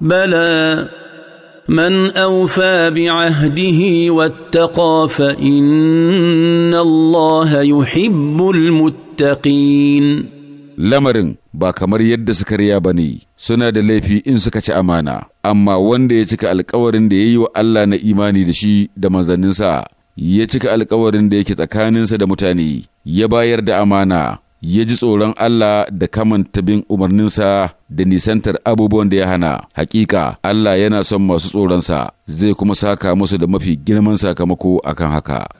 بلى من اوفى بعهده واتقى فان الله يحب المتقين lamarin ba kamar yadda suka riya ba ne suna da laifi in suka ci amana amma wanda ya cika alkawarin da ya yi wa Allah na imani da shi da manzanninsa ya cika alkawarin da yake tsakaninsa da mutane ya bayar da amana ya ji tsoron Allah da kamanta bin umarninsa da nisantar abubuwan da ya hana. Hakika Allah yana son masu tsoronsa zai kuma saka musu da mafi girman sakamako akan haka.